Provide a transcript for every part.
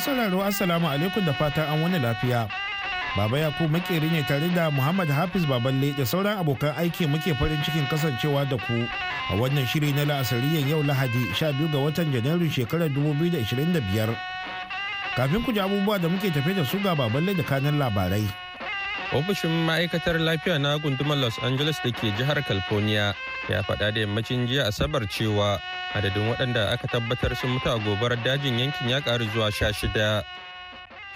masu sauraro assalamu alaikum da fatan an wani lafiya baba yakub makeri ne tare da muhammad hafiz baballe da sauran abokan aiki muke farin cikin kasancewa da ku a wannan shiri na la'asariyar yau lahadi 12 ga watan janairu shekarar 2025 kafin ku ji abubuwa da muke tafe da su ga baballe da kanan labarai ofishin ma'aikatar lafiya na gundumar los angeles da ke jihar california ya faɗa da yammacin jiya asabar cewa adadin waɗanda aka tabbatar sun mutu a gobarar dajin yankin ya ƙaru zuwa sha shida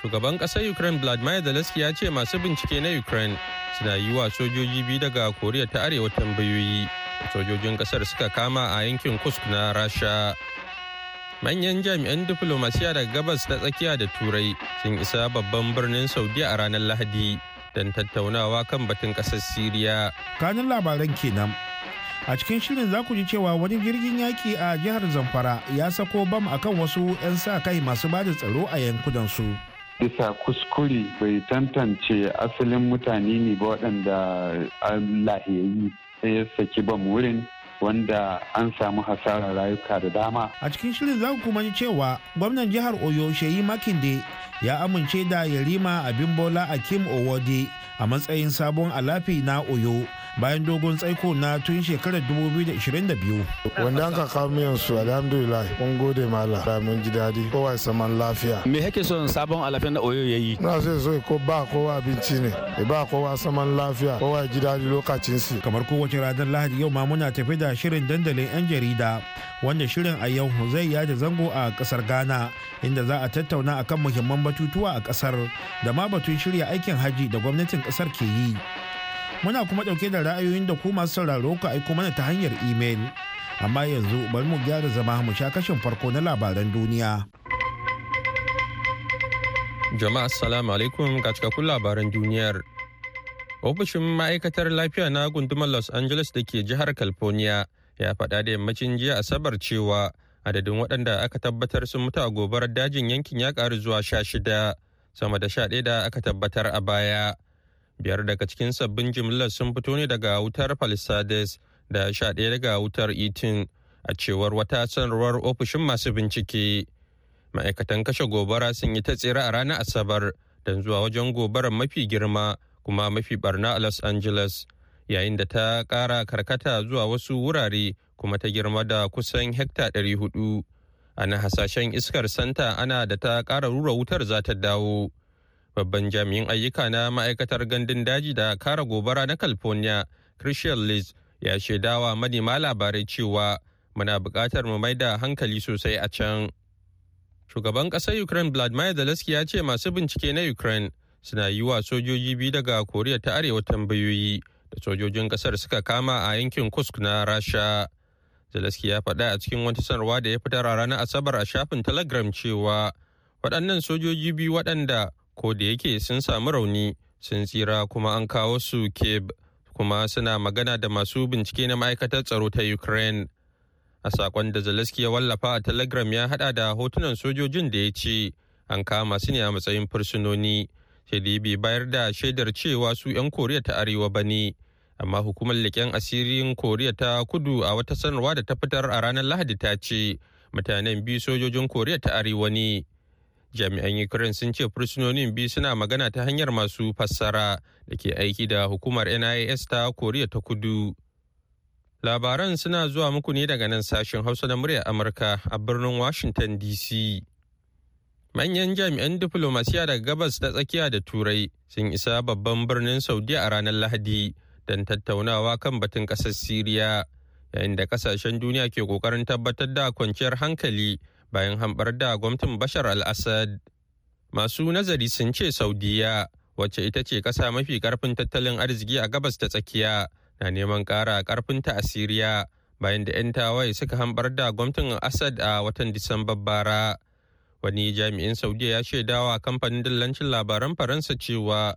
shugaban ƙasar ukraine vladimir zelensky ya ce masu bincike na ukraine suna yi wa sojoji biyu daga koriya ta arewa tambayoyi sojojin ƙasar suka kama a yankin kusk na rasha manyan jami'an diflomasiya daga gabas ta tsakiya da turai sun isa babban birnin saudi a ranar lahadi don tattaunawa kan batun ƙasar Siriya. Kanin labaran kenan. A cikin shirin za ku ji cewa wani jirgin yaki a jihar Zamfara ya sako bam akan wasu 'yan sa kai masu ba da tsaro a yankunansu. su. bisa kuskure bai tantance asalin mutane ne ba waɗanda lahiyayi ya saki bam wurin wanda an samu hasarar rayuka da dama. A cikin shirin za ku kuma ji cewa gwamnan jihar Oyo Sheyi Makinde ya amince da Yarima abin Abimbola Akim Owode a matsayin sabon alafi na Oyo bayan dogon tsaiko na tun shekarar 2022. Wanda an kaka miyan su alhamdulillah mun gode mala mun ji daɗi kowa saman lafiya. Me yake son sabon alafin da oyo yayi? Na so so ko ba kowa abinci ne ba kowa saman lafiya kowa ji daɗi lokacin su. Kamar kowace ranar Lahadi yau ma muna tafi da shirin dandalin 'yan jarida wanda shirin a yau zai yada zango a kasar Ghana inda za a tattauna akan muhimman batutuwa a kasar da ma batun shirya aikin haji da gwamnatin kasar ke yi. Muna kuma ɗauke da ra'ayoyin da ku masu sauraro ka aiko mana ta hanyar imel. Amma yanzu bari mu gyara zama mu sha kashin farko na labaran duniya. Jama'a assalamu alaikum ga cikakkun labaran duniyar. Ofishin ma'aikatar lafiya na gundumar Los Angeles da ke jihar California ya faɗa da yammacin jiya Asabar cewa adadin waɗanda aka tabbatar sun mutu a gobarar dajin yankin ya ƙaru zuwa sha shida sama da sha ɗaya da aka tabbatar a baya biyar daga cikin sabbin jimillar sun fito ne daga wutar palisades da sha ɗaya daga wutar itin a cewar wata sanarwar ofishin masu bincike ma'aikatan kashe gobara sun yi ta tsere a ranar asabar don zuwa wajen gobarar mafi girma kuma mafi barna a los angeles yayin da ta ƙara karkata zuwa wasu wurare kuma ta girma da kusan hekta 400 ana hasashen iskar santa ana da ta ƙara rura wutar za ta dawo babban jami'in ayyuka na ma'aikatar gandun daji da kara gobara na california christian liz ya shaidawa manema labarai cewa muna buƙatar mu mai da hankali sosai a can shugaban ƙasar ukraine vladimir zelensky ya ce masu bincike na ukraine suna yi wa sojoji biyu daga koriya ta arewa tambayoyi da sojojin ƙasar suka kama a yankin kusk na rasha zelensky ya faɗa a cikin wata sanarwa da ya fitar a ranar asabar a shafin telegram cewa waɗannan sojoji biyu waɗanda ko da yake sun samu rauni sun tsira kuma an kawo su keb kuma suna magana da masu bincike na ma'aikatar tsaro ta ukraine a sakon da zaleski ya wallafa a telegram ya hada da hotunan sojojin da ya ce an kama su ne a matsayin fursunoni sai bai bayar da shaidar cewa su 'yan koriya ta arewa ba ne amma hukumar leƙen asirin koriya ta kudu a wata sanarwa da ta fitar a ranar lahadi ta ce mutanen biyu sojojin koriya ta arewa ne jami'an ukraine sun ce fursunonin biyu suna magana ta hanyar masu fassara da ke aiki da hukumar nis ta koriya ta kudu labaran suna zuwa muku ne daga nan sashen hausa na murya amurka a birnin washington dc manyan jami'an diflomasiya daga gabas ta tsakiya da turai sun isa babban birnin saudi a ranar lahadi don tattaunawa kan batun ƙasar siriya yayin da kasashen duniya ke kokarin tabbatar da kwanciyar hankali bayan hambar da gwamnatin Bashar al-Assad. Masu nazari sun ce Saudiya, wacce ita ce ƙasa mafi karfin tattalin arziki a gabas ta tsakiya, na neman ƙara ƙarfinta a Siriya bayan da 'yan tawaye suka hambar da gwamnatin Assad a watan Disambar bara. Wani jami'in Saudiya ya shaidawa kamfanin dillancin labaran Faransa cewa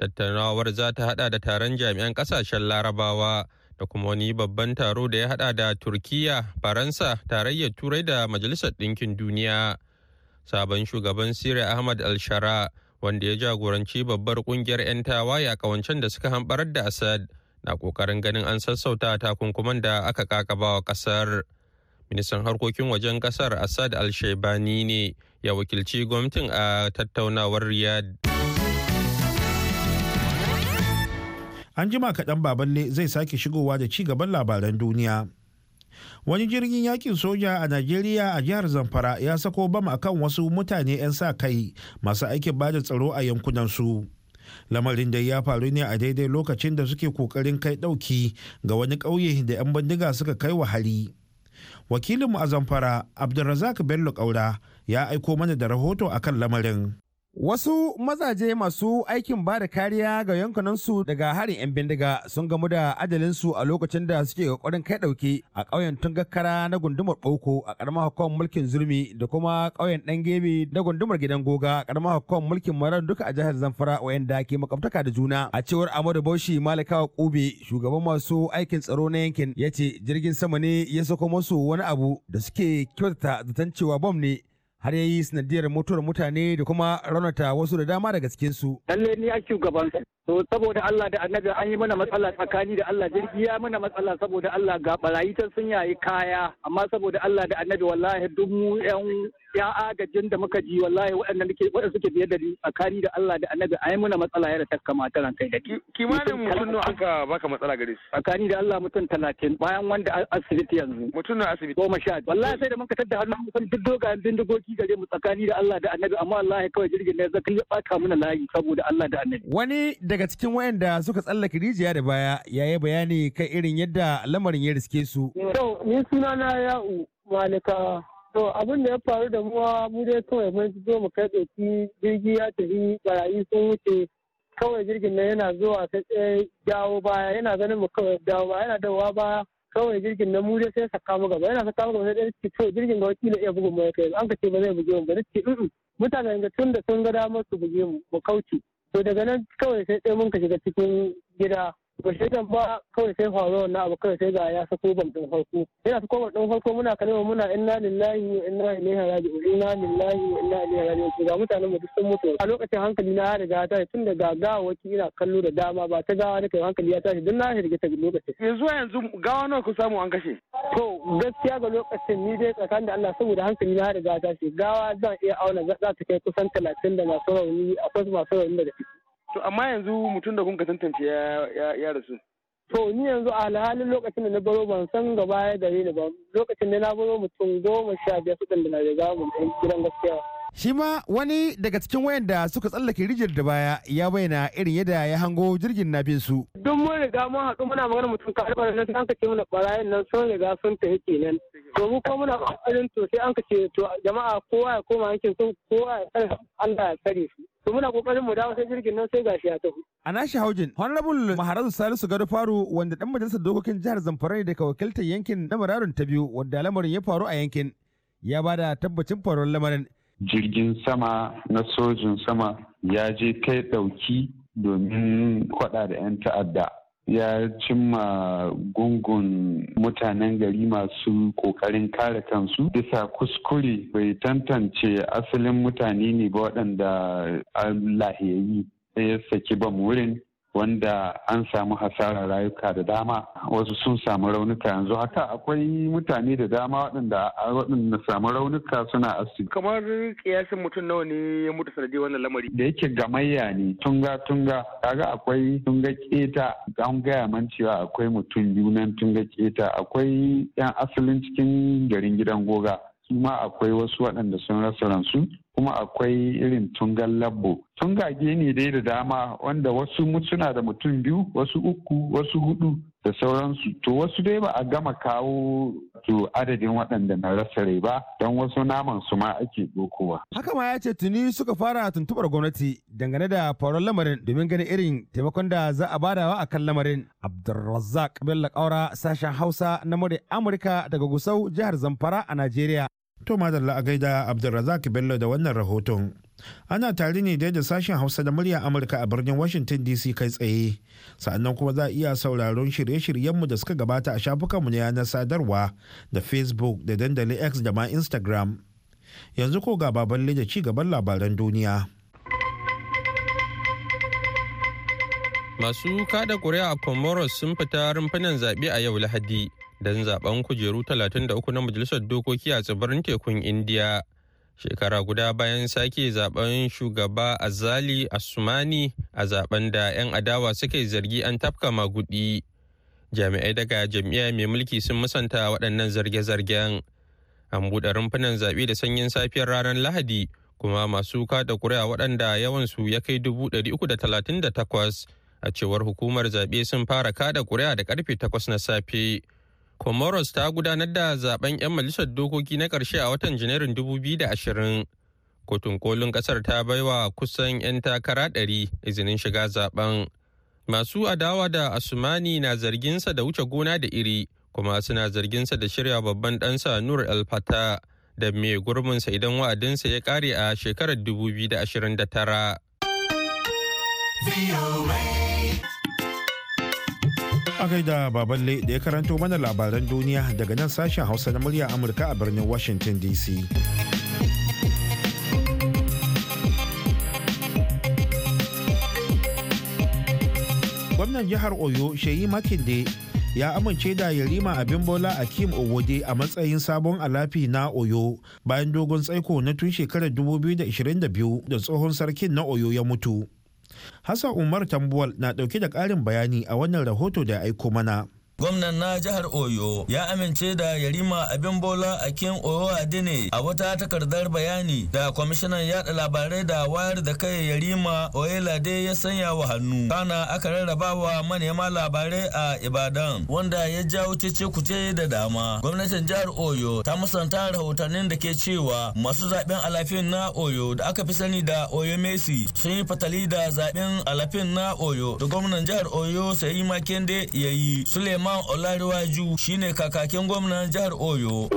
tattaunawar za ta hada da taron jami'an ƙasashen Larabawa da kuma wani babban taro da ya hada da turkiya faransa tarayyar turai da majalisar ɗinkin duniya sabon shugaban sirri ahmad al-shara wanda ya jagoranci babbar kungiyar 'yan tawaye a kawancen da suka hambarar da assad na kokarin ganin an sassauta takunkuman da aka ƙaƙabawa ƙasar. kasar ministan harkokin wajen kasar assad al shaibani ne ya wakilci gwamnatin a tattaunawar riyadh an jima kaɗan baballe zai sake shigowa da ci gaban labaran duniya wani jirgin yakin soja a najeriya a jihar zamfara ya sako bama akan wasu mutane 'yan sa kai masu aikin bada tsaro a yankunan su lamarin da ya faru ne a daidai lokacin da suke kokarin kai ɗauki ga wani ƙauye da 'yan bindiga suka kai wa hari wakilinmu a zamfara abdulrazak bello ƙaura ya aiko mana da rahoto akan lamarin Wasu mazaje masu aikin ba da kariya ga yankunansu daga harin 'yan bindiga sun gamu da ajalinsu a lokacin da suke kokarin kai ɗauki a ƙauyen Tungakkara na gundumar Bauko a ƙaramar hukumar mulkin Zurmi da kuma ƙauyen Ɗangebe na gundumar Gidan Goga a ƙaramar hukumar mulkin Maran duka a jihar Zamfara wayanda ke makamtaka da juna. A cewar Amadu Bauchi Malikawa Kube shugaban masu aikin tsaro na yankin ya ce jirgin sama ne ya sako musu wani abu da suke kyautata zaton cewa bom ne har ya yi sanadiyar mutuwar mutane da kuma raunata wasu da dama daga cikinsu. Lalle ni a shugaban. To saboda Allah da annabi an yi mana matsala tsakani da Allah jirgi ya mana matsala saboda Allah ga barayi ta sun yayi kaya amma saboda Allah da annabi wallahi duk mu yan ya agajin da muka ji wallahi waɗanda nake waɗanda suke biye da ni tsakani da Allah da Annabi ai muna matsala ya da ta kamata ran kai da kimanin mutum nawa aka baka matsala gare su tsakani da Allah mutum 30 bayan wanda asibiti yanzu mutum na asibiti goma sha wallahi sai da muka tada hannu mutum duk dogayen bindigogi gare mu tsakani da Allah da Annabi amma wallahi kawai jirgin ne zaka ya baka mana layi saboda Allah da Annabi wani daga cikin waɗanda suka tsallaka rijiya da baya yayi bayani kan irin yadda lamarin ya riske su to ni sunana ya'u malika To abin da ya faru da muwa mu dai kawai mun zo mu kai ɗauki jirgi ya tafi barayi sun wuce kawai jirgin nan yana zuwa sai jawo baya yana ganin mu kawai dawo baya yana dawowa baya kawai jirgin nan mu dai sai saka mu gaba yana saka mu gaba sai dai ce to jirgin ga wakili iya bugun mu kai an ka ce ba zai buge mu ba ce uhu mutanen ga tun da sun ga damar su buge mu mu kauce to daga nan kawai sai dai mun ka shiga cikin gida ba shaidan ba kawai sai faruwa na abu kawai sai ga ya sako bam din farko yana sako bam din farko muna mu muna inna lillahi wa inna ilaihi raji'un inna lillahi wa inna ilaihi raji'un ga mutanen mu duk sun mutu a lokacin hankali na ya riga ta tun da gagawa waki ina kallo da dama ba ta gawa nake hankali ya tashi duk na shirge ta lokacin yanzu eh, yanzu gawa nawa ku samu an kashe to gaskiya ga lokacin ni dai tsakanin da Allah saboda hankali na ya riga ta gawa zan iya auna za ta kai kusan talatin da masu rauni akwai masu rauni da To amma yanzu mutum da kun ka tantance ya rasu. To ni yanzu a halin lokacin da na baro ban san gaba ya gare ni ba lokacin da na baro mutum goma sha biyar su da na riga mun gidan gaskiya. Shi ma wani daga cikin wayan da suka tsallake rijiyar da baya ya bayyana irin yadda ya hango jirgin na bin su. Duk mun riga mun haɗu muna magana mutum ka harbar nan an kace mana barayin nan sun riga sun tafi kenan. To mu kuma muna ƙoƙarin to sai an kace to jama'a kowa ya koma yankin sun kowa ya tsare Allah ya tsare su. To muna kokarin mu dawo sai jirgin nan sai gashi ya tafi. A nashi haujin Honorable Maharazu Salisu Gado Faru wanda dan majalisar dokokin jihar Zamfara ne daga wakiltar yankin na Mararun ta biyu wanda lamarin ya faru a yankin ya bada tabbacin faruwar lamarin. jirgin sama na sojin sama ya je kai ɗauki domin kwaɗa da 'yan ta'adda ya cimma gungun mutanen gari masu ƙoƙarin kare kansu bisa kuskure bai tantance asalin mutane ne ba waɗanda lahiyayi ya saki bam wurin wanda an samu hasarar rayuka da dama wasu sun samu raunuka yanzu haka akwai mutane da dama waɗanda waɗanda samu raunuka suna asibiti kamar kiyasin mutum nawa ne ya mutu sanadi wannan lamari da yake gamayya ne tunga tunga kaga akwai tunga keta an gaya man cewa akwai mutum biyu nan tunga keta akwai yan asalin cikin garin gidan goga su ma akwai wasu waɗanda sun rasa ransu kuma akwai irin tungan labbo tungage ne dai da dama wanda wasu mutuna da mutum biyu wasu uku wasu hudu da sauransu to wasu dai ba a gama kawo to adadin waɗanda na rasa rai ba don wasu naman su ma ake dokowa. haka ma ya ce tuni suka fara tuntubar gwamnati dangane da faruwar lamarin domin ganin irin taimakon da za a badawa a kan lamarin abdulrazzaq bello kaura sashen hausa na amurka daga gusau jihar zamfara a najeriya To madalla a gaida Abdulrazak Bello da wannan rahoton. Ana tare ne dai da sashen Hausa da murya Amurka a birnin Washington DC kai tsaye. Sa'annan kuma za a iya sauraron shirye-shiryenmu da suka gabata a shafukanmu na yanar sadarwa da Facebook da dandali X da ma Instagram. Yanzu ko ga baballe da ci gaban labaran duniya. Masu kada kuri'a a Comoros sun fita rumfunan zaɓe a yau Lahadi. don zaben kujeru 33 na majalisar dokoki a tsibirin tekun indiya shekara guda bayan sake zaben shugaba azali asumani a zaben da 'yan adawa suka yi zargi an tafka magudi jami'ai daga Jami'a mai mulki sun musanta waɗannan zarge-zargen an buɗe rumfunan zaɓe da sanyin safiyar ranar lahadi kuma masu kada ƙuri'a waɗanda yawansu ya kai takwas a cewar hukumar zaɓe sun fara kada ƙuri'a da ƙarfe takwas na safe comoros ta gudanar da zaben 'yan majalisar dokoki na ƙarshe a watan janairun 2020 kotun kolin ƙasar ta baiwa kusan 'yan takara 100 izinin shiga zaben masu adawa da asumani na zarginsa da wuce gona da iri kuma suna zarginsa da shirya babban ɗansa nur alfata da mai gurbinsa idan wa'adinsa ya ƙare a shekarar 2029 gaida baballe da ya karanto mana labaran duniya daga nan sashen hausa na murya amurka a birnin washington dc gwamnan jihar oyo sheyi makinde ya amince da yarima abin bola a kim owode a matsayin sabon alafi na oyo bayan dogon tsaiko na tun shekarar 2022 da tsohon sarkin na oyo ya mutu Hassan Umar Tambuwal na ɗauke da ƙarin bayani a wannan rahoto da ya aiko mana. gwamnan na jihar oyo ya amince da yarima abin bola a kin Oyo a wata takardar bayani da kwamishinan yada labarai da wayar da kai yarima oyelade ya sanya wa hannu kana aka rarraba wa manema labarai a ibadan wanda ya jawo cece kuce da dama gwamnatin jihar oyo ta musanta rahotannin da ke cewa masu zaben alafin na oyo da aka fi sani da oyo messi sun yi fatali da zaben alafin na oyo da gwamnan jihar oyo sai sayi makende ya yi Suleiman Olariwaju shine kakakin gwamnan jihar Oyo.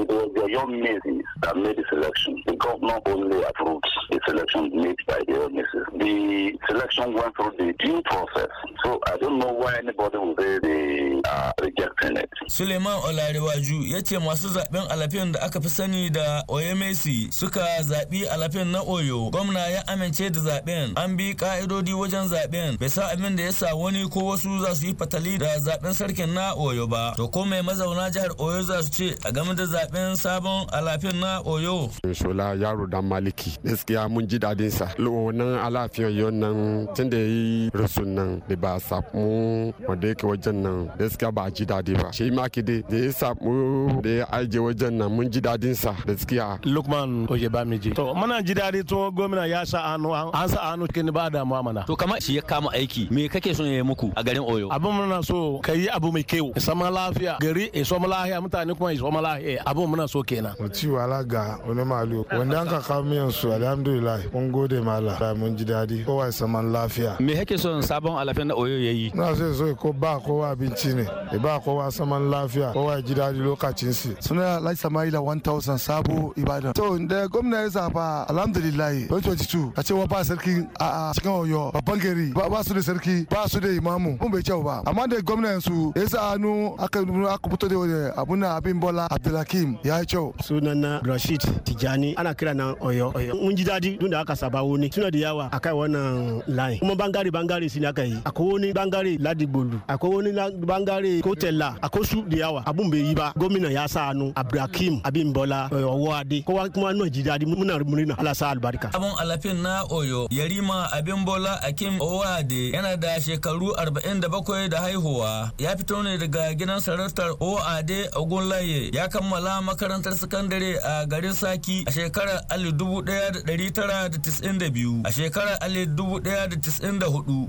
Suleiman Olariwaju ya ce masu zaben alafin da aka fi sani da Oyemesi suka zaɓi alafin na Oyo. Gwamna ya amince da zaben. An bi ka'idodi wajen zaben. Bai sa abin da ya sa wani ko wasu za su yi fatali da zaben sarkin na oyo ba to ko mai mazauna jihar oyo za su ce a game da zaben sabon alafin na oyo shola yaro dan maliki gaskiya mun ji dadin sa wannan alafin oyo nan tun da yi rusun nan da ba samu wanda yake wajen nan gaskiya ba ji dadi ba shi ma ki dai da ya samu da ya aje wajen nan mun ji dadin sa gaskiya lukman oye ba mi ji to muna ji dadi to gomina ya sa anu an sa hannu kin ba damuwa mana to kamar shi ya kama aiki me kake son ya yi muku a garin oyo abin muna so kai abu mai kewa yau ya sama lafiya gari ya sama lahiya mutane kuma ya sama lahiya abin muna so kenan mu ci wala ga wani malu wanda an ka kawo miyan su alhamdulillah mun gode mala da mun ji dadi kowa ya sama lafiya me kake son sabon alafin da oyo yayi na so so ko ba kowa abinci ne ya ba kowa saman lafiya kowa ya ji dadi lokacin su suna lai samaila 1000 sabo ibadan to da gwamnati ya zaba alhamdulillah 2022 a ce wa ba sarki a cikin oyo babban gari ba su da sarki ba su da imamu mun bai kyau ba amma da gwamnati su ya hannu aka aka fito da abun abin bola abdulhakim ya yi kyau sunana rashid tijani ana kira na oyo oyo mun ji daɗi tun da aka saba wani suna da yawa akai wannan line kuma bangare bangare shi ne aka yi akwai wani bangare ladigbolu akwai wani bangare kotela akwai su da yawa abun bai yi ba gomina ya sa hannu abdulhakim abin bola oyo ade kowa kuma nuna ji daɗi muna murna ala sa albarka abun alafin na oyo yarima abin bola akim owade yana da shekaru 47 da haihuwa ya fito ne daga gidan sarautar oade ogunlaye ya kammala makarantar sakandare a garin saki a shekarar 1992 a shekarar 1994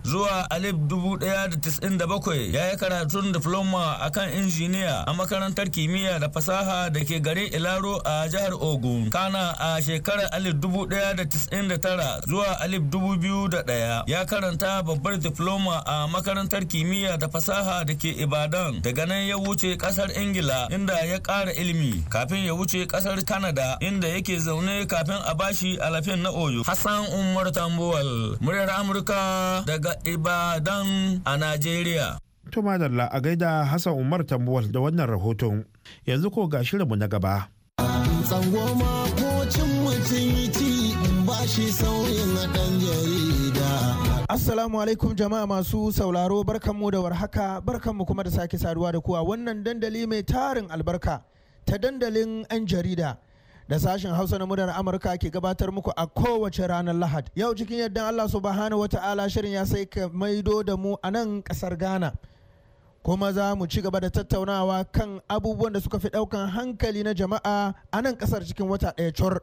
zuwa 1997 ya yi karatun diploma akan injiniya a makarantar kimiyya da fasaha da ke garin ilaro a jihar ogun kana a shekarar 1999 zuwa 2001 ya karanta babbar diploma a makarantar kimiyya da fasaha da ke ibadan Sudan daga nan ya wuce kasar Ingila inda ya kara ilimi kafin ya wuce kasar Canada inda yake zaune kafin a bashi alafin na Oyo. Hassan Umar Tambuwal muryar Amurka daga Ibadan a Najeriya. To madalla a gaida Hassan Umar Tambuwal da wannan rahoton yanzu ko ga shirinmu na gaba. Tsangoma ko cin mutum ba shi sau Assalamu alaikum jama'a masu sauraro barkanmu da warhaka barkanmu kuma da sake saduwa da kuwa wannan dandali mai tarin albarka ta dandalin 'yan jarida da sashen hausa na murar amurka ke gabatar muku a kowace ranar lahad yau cikin yadda allah subhanahu wa ta'ala shirin ya sai ka maido da mu a nan kasar ghana kuma za mu ci gaba da tattaunawa kan abubuwan da suka fi daukan hankali na jama'a a nan kasar cikin wata ɗaya cur.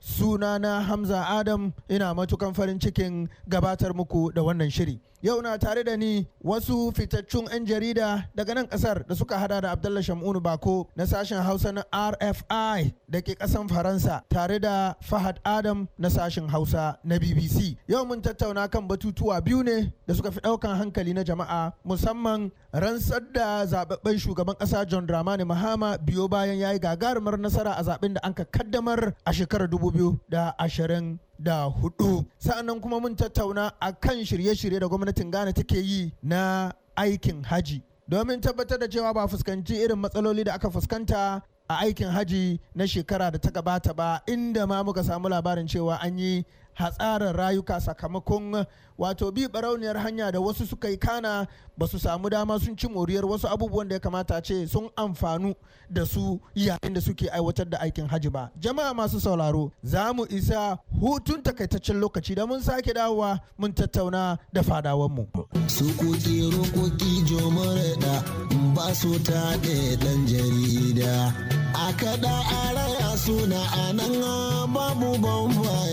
sunana Hamza Adam ina matukan farin cikin gabatar muku da wannan shiri. yau na tare da ni wasu fitaccun 'yan jarida daga nan kasar da suka hada da abdullahi shamunu bako na sashen hausa na rfi da ke kasan faransa tare da fahad adam na sashen hausa na bbc yau mun tattauna kan batutuwa biyu ne da suka fi daukan hankali na jama'a musamman rantsar da zababben shugaban kasa john dramani mahama biyo bayan ya yi gagarumar nasara a zaben da an ka kaddamar a shekarar 2020 da hudu sa'annan kuma mun tattauna a kan shirye-shirye da gwamnatin ghana take yi na aikin haji domin tabbatar da cewa ba fuskanci irin matsaloli da aka fuskanta a aikin haji na shekara da ta gabata ba inda ma muka samu labarin cewa an yi hatsarar rayuka sakamakon wato bi barauniyar hanya da wasu suka yi kana ba su samu dama sun ci moriyar wasu abubuwan da ya kamata ce sun amfanu da su yayin da suke aiwatar da aikin hajji ba jama'a masu sauraro za mu isa hutun takaitaccen lokaci da mun sake dawowa mun tattauna da fadawanmu. su taɗe ɗan jarida a kaɗa a raya suna a nan babu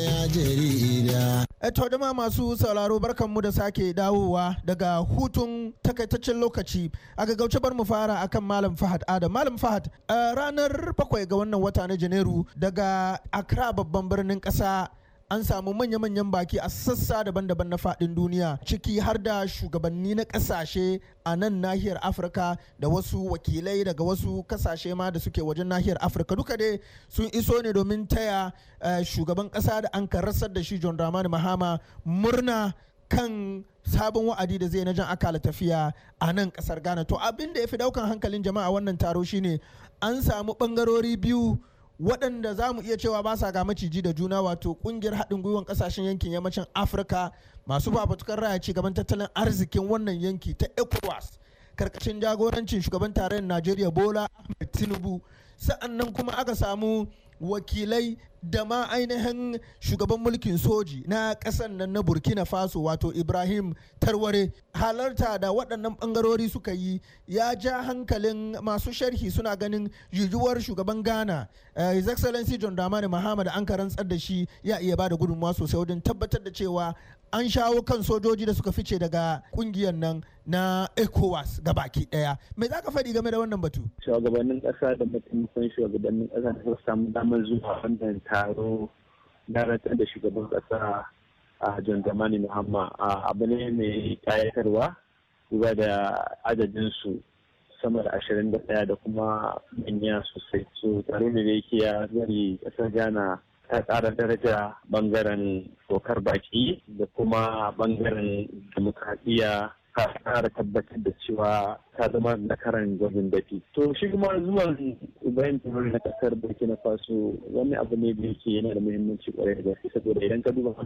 ya jarida eh to da masu sauraro barkanmu da sake dawowa daga hutun takaitaccen lokaci a gaggauce bar mu fara akan malam fahad adam malam fahad eh, ranar bakwai ga wannan wata na janairu daga accra babban birnin kasa. an samu manya-manyan baki a sassa daban-daban na fadin duniya ciki har da shugabanni na kasashe a nan nahiyar afirka da wasu wakilai daga wasu kasashe ma da suke wajen nahiyar afirka duka dai sun iso ne domin taya eh, shugaban kasa da an rasar da shi john dramani mahama murna kan sabon wa'adi da zai na jan akala tafiya a nan kasar ghana to abin da ya fi daukan hankalin jama'a wannan taro shine an samu bangarori biyu waɗanda za mu iya cewa ba sa ga maciji da juna wato ƙungiyar haɗin gwiwar ƙasashen yankin yammacin afirka masu fafutukar raya ci gaban tattalin arzikin wannan yanki ta ecowas karkashin jagorancin shugaban tarayyar najeriya bola ahmed tinubu sa'an nan kuma aka samu wakilai da ma ainihin shugaban mulkin soji na kasan nan na burkina faso wato ibrahim tarware halarta da waɗannan ɓangarori suka yi ya ja hankalin masu sharhi suna ganin yiwuwar shugaban ghana eh, his excellency john dramani mahama an karantsar da shi ya iya ba da gudunmawa sosai wajen tabbatar da cewa an shawo kan sojoji da suka fice daga kungiyar nan na ecowas ga baki daya me za ka faɗi game da wannan batu shugabannin ƙasa da mataimakon shugabannin ƙasa da suka samu damar zuwa wannan taro na rantar da shugaban ƙasa a John Dramani Muhamma abu ne mai kayatarwa duba da su sama da ashirin da ɗaya da kuma manya sosai su taro ne da yake ya zari ƙasar Ghana ta ƙara daraja bangaren dokar baki da kuma bangaren demokradiyya ta kara tabbatar da cewa ta zama na karan gwajin dafi. To shi kuma zuwan Ibrahim Traore na kasar Burkina Faso wani abu ne da yake yana da muhimmanci kwarai da gaske saboda idan ka duba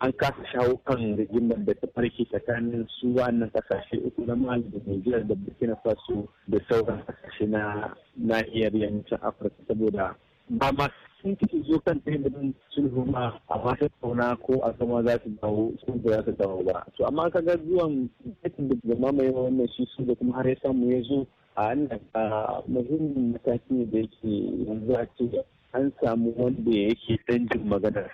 an kasa shawo kan rigimar da ta farke tsakanin su wannan kasashe uku na mali da Nijiyar da Burkina Faso da sauran kasashe na nahiyar yammacin Afirka saboda ba ma sun kike zo kan teburin sulhu ma a fata tauna ko a zama za su dawo sun za su dawo ba to amma ka ga zuwan da jama'a mai wannan shi su da kuma har ya samu ya zo a a muhimmin mataki da yake yanzu a ce an samu wanda yake danjin maganar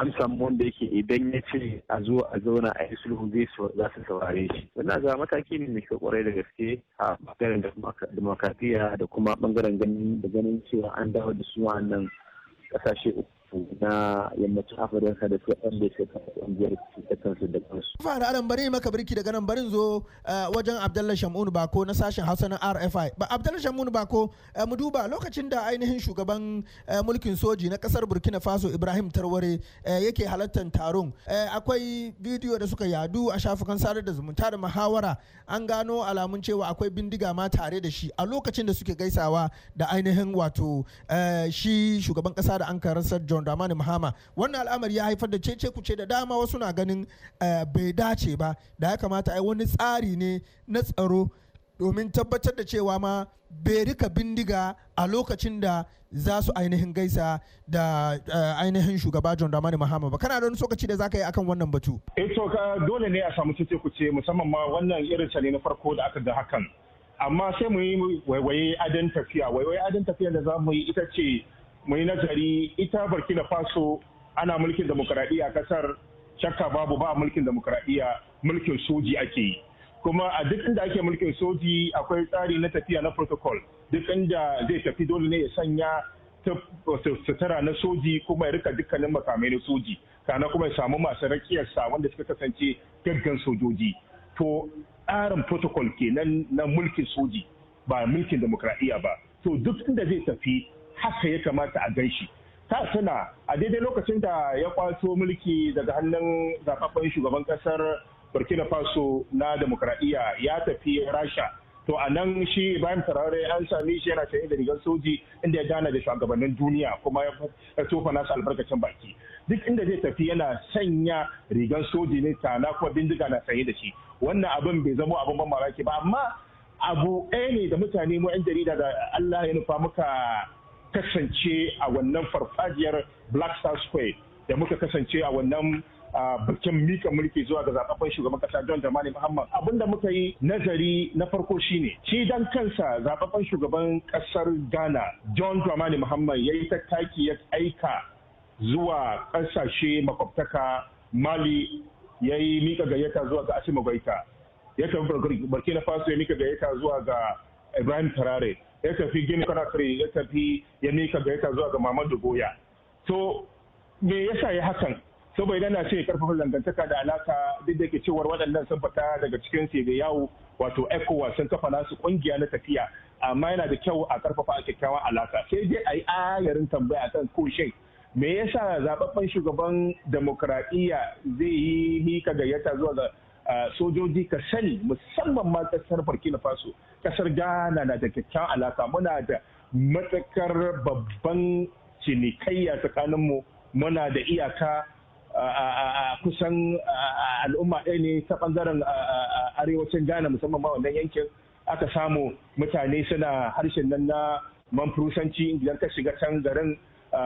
amsan wanda yake idan ya ce a zo a zauna a yi sulhu zai za su saurare shi wannan ga mataki ne mai kwarai da gaske a bangaren demokratiya da kuma bangaren ganin da ganin cewa an dawo da su wannan kasashe uku na yammacin afirka da su ɗan da suka ƙungiyar da kansu da kansu. fara adam bari maka birki daga nan barin zo eh, wajen abdallah shamun bako na sashen hausa na rfi ba abdallah shamun bako eh, mu duba lokacin da ainihin shugaban eh, mulkin soji na kasar burkina faso ibrahim tarware yake halartar taron akwai bidiyo da suka yadu a shafukan sadar da zumunta da muhawara an gano alamun cewa akwai bindiga ma tare da shi a lokacin da suke gaisawa da ainihin wato shi shugaban kasa da an karasar john mahama wannan al'amari ya haifar da cece kuce da dama wasu na ganin eh, bai dace ba da ya kamata ai wani tsari ne na tsaro domin tabbatar da cewa ma bai rika bindiga a lokacin da za su ainihin gaisa da eh, ainihin shugaba John Dramani Mahama ba kana da wani sokaci da zaka yi akan wannan batu eh to dole ne a samu cece kuce musamman ma wannan irin sani na farko da aka ga hakan amma sai mu yi waiwaye adan tafiya waiwaye adan tafiya da za mu yi ita ce mu yi nazari ita burkina faso ana mulkin demokuraɗiyya kasar shakka babu ba mulkin demokuraɗiyya mulkin soji ake yi kuma a duk inda ake mulkin soji akwai tsari na tafiya na protocol duk inda zai tafi dole ne ya sanya sutura na soji kuma ya rika dukkanin makamai na soji kana kuma ya samu masu rakiyarsa wanda suka kasance gaggan sojoji to tsarin protocol kenan na mulkin soji ba mulkin demokradiyya ba to duk inda zai tafi haka ya kamata a gan shi ta suna a daidai lokacin da ya kwaso mulki daga hannun zababben shugaban kasar burkina faso na demokradiyya ya tafi rasha to a nan shi bayan tarare an sami shi yana sanye da rigar soji inda ya gana da shugabannin duniya kuma ya tofa nasa albarkacin baki duk inda zai tafi yana sanya rigar soji ne tana kuma bindiga na sanye da shi wannan abin bai zama abin ban mamaki ba amma abu ɗaya ne da mutane mu 'yan jarida da Allah ya nufa muka kasance a wannan farfajiyar black star square da muka kasance a wannan bikin mika mulki zuwa ga zaɓaɓɓen shugaban kasa John Dramani Muhammad abin da muka yi nazari na farko shine shi dan kansa zaɓaɓɓen shugaban ƙasar Ghana John Dramani Muhammad ya yi tattaki ya aika zuwa ƙasashe makwabtaka Mali ya yi mika gayyata zuwa ga Asimu Goita ya tafi Burkina Faso ya mika gayyata zuwa ga Ibrahim Tarare ya tafi gini conakry ya tafi ya mika ga ya zuwa ga mamadu goya so me sa ya hakan saboda yana ce karfafa dangantaka da alaka duk da ke cewar waɗannan sun fita daga cikin su da yawo wato ecowas sun kafa nasu kungiya na tafiya amma yana da kyau a karfafa a kyakkyawan alaka sai dai a yi ayarin tambaya kan ko shai me yasa zababban shugaban demokuraɗiyya zai yi mika gayyata zuwa ga sojoji ka sani musamman ma kasar burkina faso kasar ghana na da kyakkyawan alaka muna da matakar babban cinikayya tsakaninmu muna da iyaka a kusan al'umma ɗaya ne ta ɓangaren arewacin ghana musamman ma wannan yankin aka samu mutane suna harshen nan na manfurusanci idan ka shiga can garin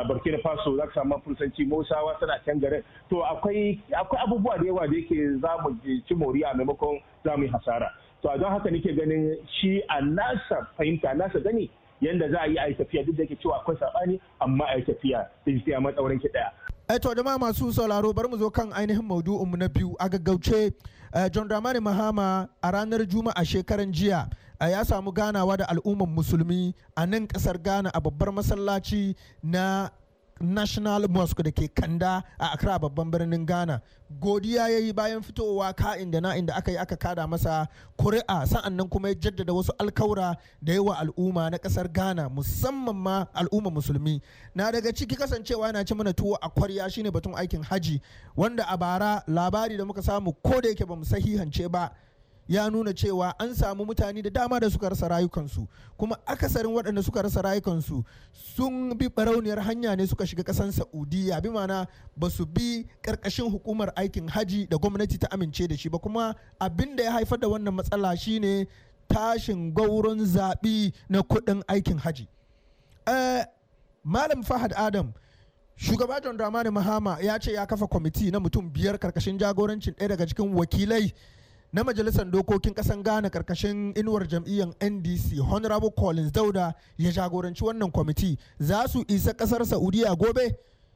burkina faso za ka samu fursanci musawa tana can garin to akwai abubuwa da yawa da yake za mu ci moriya maimakon za mu yi hasara to a don haka nake ganin shi a nasa fahimta nasa gani yanda za a yi a yi tafiya duk da yake cewa akwai saɓani amma a yi tafiya sai sai a matsaurin ki ɗaya. ai eh to jama'a masu sauraro bari mu zo kan ainihin maudu'in mu na biyu a gaggauce eh, John Dramani Mahama a ranar Juma'a shekaran jiya a ya samu ganawa da al'umman musulmi a nan kasar ghana a babbar masallaci na national mosque da ke kanda a accra babban birnin ghana godiya ya yi bayan fitowa ka'in da na'in da aka yi aka kada masa kuri'a sa'an nan kuma ya jaddada wasu alkaura da yawa al'umma na kasar ghana musamman ma al'umma musulmi na daga ciki kasancewa yana ci mana tuwo a kwarya shine batun aikin haji wanda a bara labari da muka samu ko da yake ba mu sahihance ba ya nuna cewa an samu mutane da dama da suka rasa rayukansu kuma akasarin waɗanda suka rasa rayukansu sun bi barauniyar hanya ne suka shiga ƙasan saudiya bi mana ba su bi ƙarƙashin hukumar aikin haji da gwamnati ta amince da shi ba kuma abin da ya haifar da wannan matsala shine tashin gaurin zaɓi na kuɗin aikin haji eh, malam fahad adam shugaba john dramani mahama ya ce ya kafa kwamiti na mutum biyar karkashin jagorancin ɗaya daga cikin wakilai na majalisar dokokin kasan ghana karkashin inuwar jam'iyyar ndc honorable collins dauda ya jagoranci wannan kwamiti za su isa kasar saudiya gobe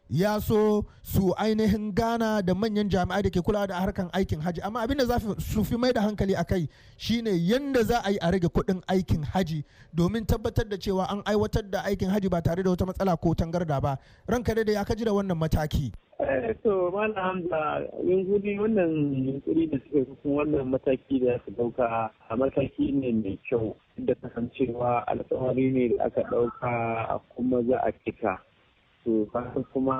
ya so su ainihin gana da manyan jami'ai da ke kula da harkan aikin haji amma abinda za su fi mai da hankali a kai shine yadda za a yi a rage kuɗin aikin haji domin tabbatar da cewa an aiwatar da aikin haji ba tare da wata matsala ko tangarda ba ranka da ya kaji da wannan mataki eh, to hamza wannan yunkuri da suka kuma wannan mataki da dauka a mataki ne mai kyau da kasancewa alkawari ne da aka dauka kuma za a cika to kasan kuma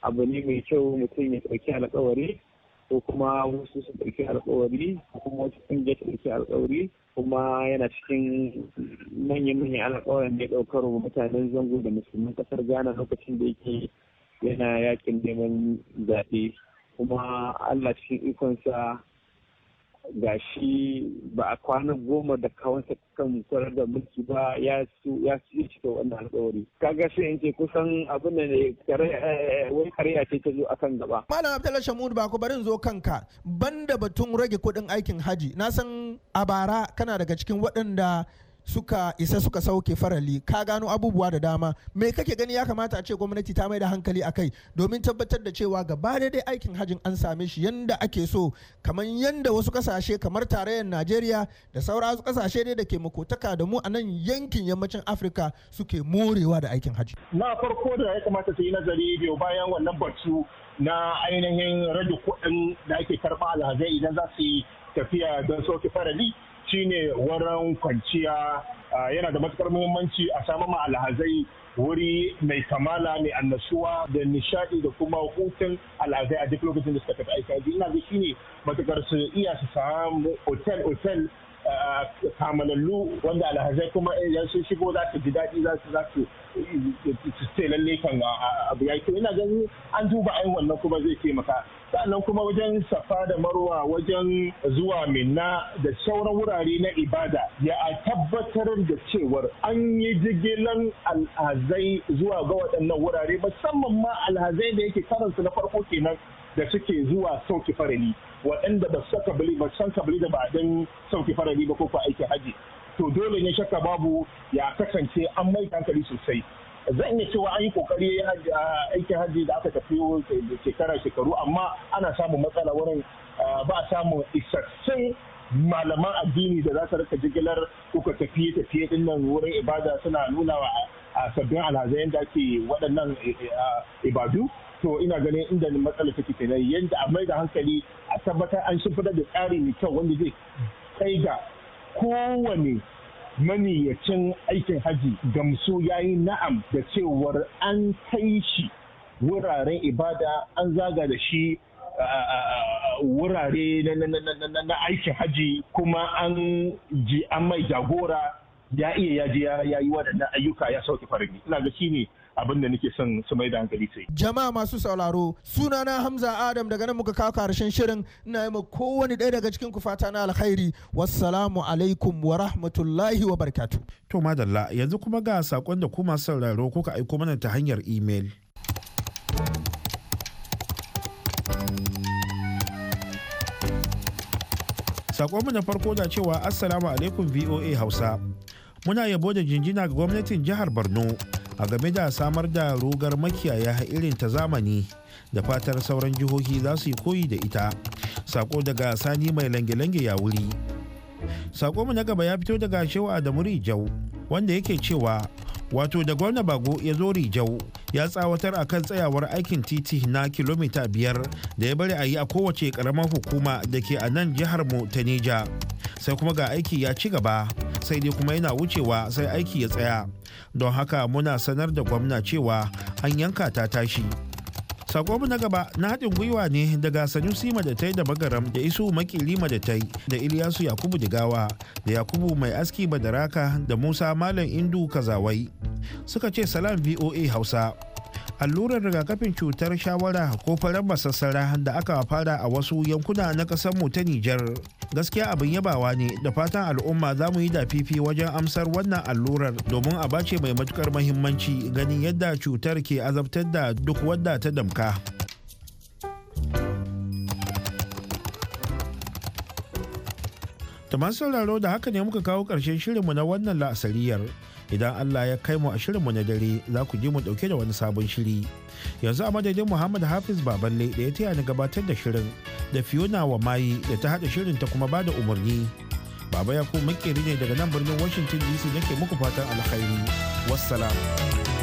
abu ne mai kyau mutum ya ɗauki alkawari ko kuma wasu su ɗauki alkawari ko kuma wasu sun ya ɗauki alkawari kuma yana cikin manya-manyan alkawarin da ya ɗaukar wa mutanen zango da musulman ƙasar ghana lokacin da yake yana yakin neman zaɓe kuma allah cikin ikonsa ga shi ba a kwana goma da kawansa kan kwarar da mulki ba ya su ya su wannan alkawari kaga sai in ce kusan abin da ne karya eh, ce ta zo akan gaba malam abdullahi shamud ba ku barin zo kanka banda batun rage kuɗin aikin haji na san a bara kana daga cikin waɗanda suka isa suka sauke farali ka gano abubuwa da dama me kake gani ya kamata a ce gwamnati ta mai da hankali a kai domin tabbatar da cewa gaba daidai aikin hajin an same shi yanda ake so kamar yanda wasu kasashe kamar tarayyar najeriya da sauran kasashe ne da ke makotaka da mu a nan yankin yammacin afirka suke morewa da aikin haji na farko da ya kamata su yi nazari biyu bayan wannan batu na ainihin rage kuɗin da ake karɓa alhazai idan za su yi tafiya don sauke farali Shi ne wurin kwanciya yana da matukar muhimmanci a samu ma alhazai wuri mai kamala mai annashuwa da nishadi da kuma hutun alhazai a duk lokacin da suka tafi aiki aiki ina ga shine matukar su iya su samu hotel hotel kamalallu wanda alhazai kuma idan sun shigo za su ji daɗi za su za su su lalle kan abu ya ina ganin an duba ai wannan kuma zai taimaka sa'annan kuma wajen safa da marwa wajen zuwa minna da sauran wurare na ibada ya a tabbatar da cewar an yi jigilan alhazai zuwa ga waɗannan wurare musamman ma alhazai da yake karansu na farko kenan da suke zuwa sauki farali waɗanda ba su ba san kabili da ba don sauki farali ba ko aiki haji to dole ne shakka babu ya kasance an mai hankali sosai zan iya cewa an yi kokari aikin hajji da aka tafi shekara shekaru amma ana samun matsala wurin ba a samun isassun malaman addini da za su rika jigilar kuka tafiye tafiye din nan wurin ibada suna nuna wa a sabbin alhazai da ake waɗannan e, e, ibadu to ina ganin inda matsala take kenan yadda a mai da hankali a tabbatar an shimfidar da tsari mai kyau wanda zai kai ga kowane maniyacin aikin haji gamsu ya yi na'am da cewar an kai shi wuraren ibada an zaga da shi wurare na aikin haji kuma an ji mai jagora ya iya yaji ya yi waɗannan ayyuka ya sauke farmi ina ga ne. abin da nake son su mai da hankali sai. Jama'a masu sauraro sunana Hamza Adam daga nan muka kawo karshen shirin ina yi kowane ɗaya daga cikin ku fata na alkhairi wassalamu alaikum wa rahmatullahi wa barkatu. To madalla yanzu kuma ga sakon da kuma sauraro kuka aiko mana ta hanyar email. Sakonmu na farko da cewa Assalamu alaikum VOA Hausa. Muna yabo da jinjina ga gwamnatin jihar Borno a game da samar da rogar makiyaya irin ta zamani da fatar sauran jihohi za su yi koyi da ita sako daga sani mai lange-lange ya wuri sako mu na gaba ya fito daga shewa da rijau wanda yake cewa wato da gwamna bago ya zo rijau ya tsawatar a kan tsayawar aikin titi na kilomita biyar da ya bari a yi a kowace karamar hukuma da ke a nan jihar mu ta neja sai kuma ga aiki ya ci gaba sai dai kuma yana wucewa sai aiki ya tsaya don haka muna sanar da gwamna cewa an yanka ta tashi sako na gaba na haɗin gwiwa ne daga sanusi madatai da magaram da isu makili madatai da iliyasu yakubu digawa da yakubu mai aski badaraka da musa malam indu kazawai suka ce salam voa hausa allurar rigakafin cutar shawara ko farar masassara da aka fara a wasu yankuna na ƙasar mu ta Nijar. Gaskiya abin yabawa ne da fatan al'umma za mu yi da fifi wajen amsar wannan allurar domin a bace mai matukar mahimmanci ganin yadda cutar ke azabtar da duk wadda ta damka. Da masu sauraro da haka ne muka kawo ƙarshen shirinmu na wannan la'asariyar. idan Allah ya kai mu a shirinmu na dare za ku ji mu dauke da wani sabon shiri yanzu a madadin Muhammad Hafiz Baballe da ya taya ni gabatar da shirin da Fiona wa mayi da ta haɗa shirin ta kuma bada umarni baba ya ku makeri ne daga nan birnin Washington DC nake muku fatan alkhairi wassalamu